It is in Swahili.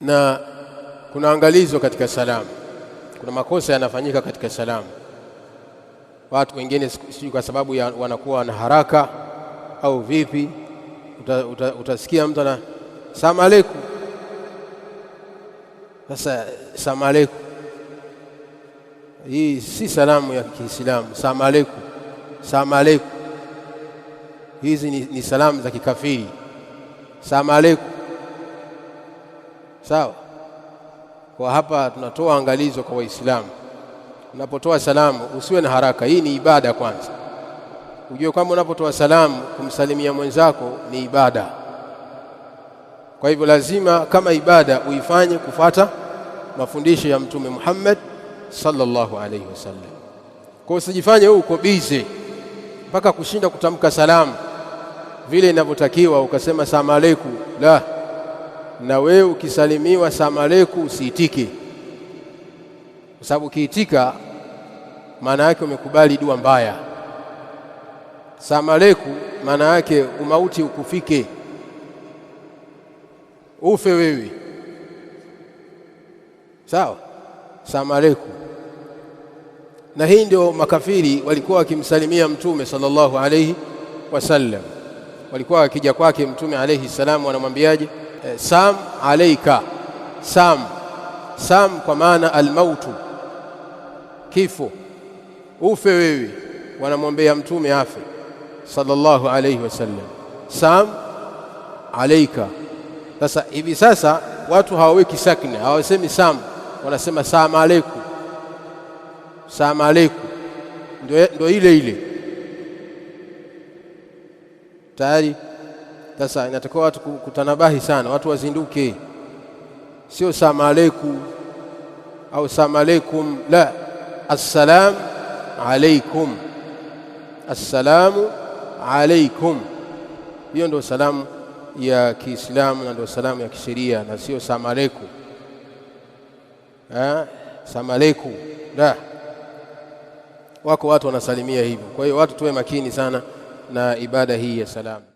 na kuna angalizo katika salamu. Kuna makosa yanafanyika katika salamu, watu wengine sijui kwa sababu ya wanakuwa na haraka au vipi, uta, uta, utasikia mtu ana salamu aleikum. Sasa salamu aleikum hii si salamu ya Kiislamu. Salamu aleikum, salamu aleikum, hizi ni, ni salamu za kikafiri. Salamu aleikum Sawa. Kwa hapa tunatoa angalizo kwa Waislamu, unapotoa salamu usiwe na haraka. Hii ni ibada kwanza, ujue kwamba unapotoa salamu kumsalimia mwenzako ni ibada. Kwa hivyo lazima kama ibada uifanye kufata mafundisho ya Mtume Muhammad sallallahu alaihi wasallam. Kwa usijifanye huko uko bize mpaka kushinda kutamka salamu vile inavyotakiwa, ukasema salaamu la na wewe ukisalimiwa salamu aleikum usiitike, kwa sababu ukiitika maana yake umekubali dua mbaya. Salamu aleikum maana yake umauti ukufike, ufe wewe. Sawa, salamu aleikum. Na hii ndio makafiri walikuwa wakimsalimia Mtume sallallahu alayhi wasallam, walikuwa wakija kwake Mtume alayhi salamu, wanamwambiaje? Eh, sam alaika sam sam kwa maana almautu kifo, ufe wewe. Wanamwombea mtume afe sallallahu alayhi wasallam, sam alaika. Sasa hivi sasa watu hawaweki sakna, hawasemi sam, wanasema sam aleiku, sam aleiku, ndio ile ile tayari sasa inatakiwa watu kutanabahi sana, watu wazinduke, sio salamu aleikum au salamu aleikum la, assalam alaikum, assalamu alaikum. Hiyo ndio salamu ya Kiislamu na ndio salamu ya kisheria na sio salamu aleikum salamu aleikum la. Wako watu wanasalimia hivyo. Kwa hiyo watu tuwe makini sana na ibada hii ya salamu.